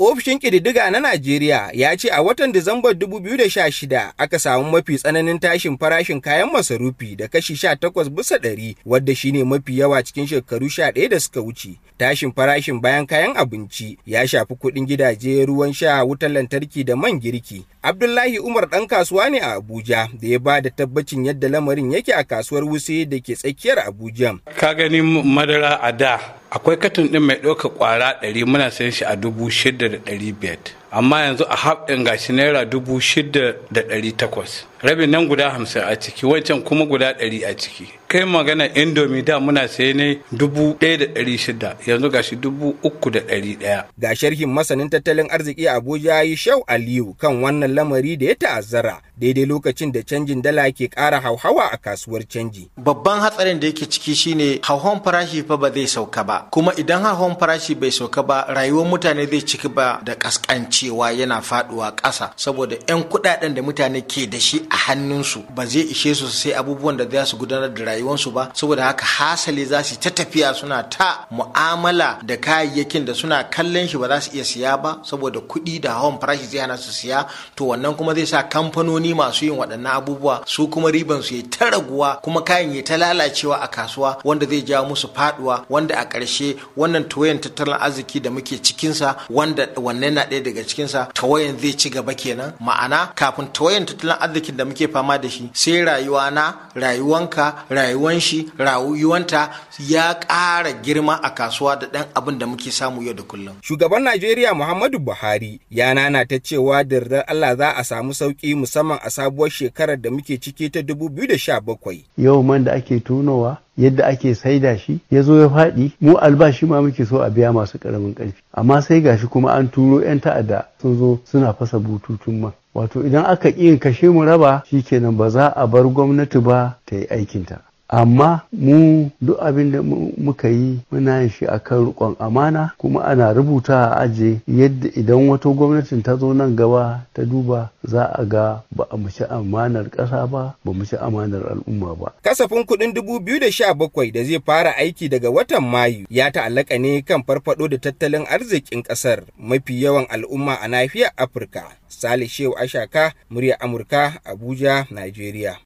Ofishin ƙididdiga na Najeriya ya ce a watan Disambar 2016 aka samu mafi tsananin tashin farashin kayan masarufi da kashi 18 bisa ɗari wadda shine mafi yawa cikin shekaru 11 da suka wuce. Tashin farashin bayan kayan abinci ya shafi kuɗin gidaje, ruwan sha, wutar lantarki da man girki. Abdullahi Umar ɗan kasuwa ne a Abuja da ya ba da tabbacin yadda lamarin yake a kasuwar Wuse da ke tsakiyar Abuja. Ka gani madara a da akwai katin ɗin mai ɗauka ƙwara ɗari muna sayan shi a dubu shida da ɗari biyar amma yanzu a haɗin gashi naira dubu shida da ɗari takwas rabin nan guda hamsin a ciki wancan kuma guda ɗari a ciki kai magana indomi da muna saye ne dubu ɗaya da ɗari shida yanzu gashi dubu uku da ɗari ɗaya ga sharhin masanin tattalin arziki abuja yi shau aliyu kan wannan lamari da ya ta'azzara daidai lokacin da canjin dala ke ƙara hauhawa a kasuwar canji babban hatsarin da yake ciki shine hauhawan farashi fa ba zai sauka ba kuma idan hauhawan farashi bai sauka ba rayuwar mutane zai ciki ba da ƙasƙanci cewa yana faduwa ƙasa saboda 'yan kuɗaɗen da mutane ke da shi a hannunsu ba zai ishe su sai abubuwan da za su gudanar da rayuwarsu ba saboda haka hasali za su ta tafiya suna ta mu'amala da kayayyakin da suna kallon shi ba za su iya siya ba saboda kuɗi da hawan farashi zai hana su siya to wannan kuma zai sa kamfanoni masu yin waɗannan abubuwa su kuma riban su ya ta raguwa kuma kayan ya ta lalacewa a kasuwa wanda zai jawo musu faduwa wanda a ƙarshe wannan toyen tattalin arziki da muke cikinsa wanda wannan na ɗaya daga cikinsa tawayan zai ci gaba kenan ma'ana kafin tawayan tattalin arzikin da muke fama da shi sai rayuwa na rayuwanka rayuwan shi rayuwanta ya ƙara girma a kasuwa da ɗan abin da muke samu yau da kullum. Shugaban Najeriya Muhammadu Buhari ya nana ta cewa da Allah za a samu sauki musamman a sabuwar shekarar da muke ciki ta 2017. Yau man da ake tunowa yadda ake saida shi ya zo ya faɗi mu albashi ma muke so a biya masu ƙaramin ƙarfi amma sai gashi kuma an turo 'yan ta'adda sun zo suna fasa bututun man wato idan aka ƙi kashe mu raba shikenan ba za a bar gwamnati ba ta yi aikinta amma mu duk abin da muka yi muna yin shi akan rikon amana kuma ana rubuta a aje yadda idan wata gwamnatin ta zo nan gaba ta duba za a ga ba a mace amanar ƙasa ba ba mu ci amanar al'umma ba kasafin kuɗin 2017 da zai fara aiki daga watan mayu ya ta'allaka ne kan farfado da tattalin arzikin ƙasar mafi yawan al'umma a nahiyar afirka salishewa ashaka murya amurka abuja najeriya